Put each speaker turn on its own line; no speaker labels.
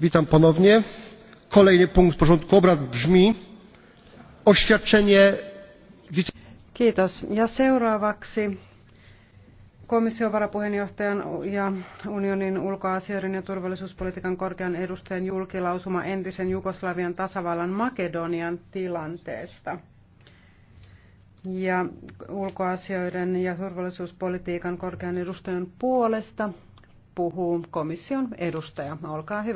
witam ponownie. kolejny punkt porządku obrad brzmi oświadczenie seuraavaksi komission
varapuheenjohtajan ja unionin ulkoasioiden ja turvallisuuspolitiikan korkean edustajan julkilausuma entisen Jugoslavian tasavallan Makedonian tilanteesta. Ja ulkoasioiden ja turvallisuuspolitiikan korkean edustajan puolesta puhuu komission edustaja. Olkaa hyvä.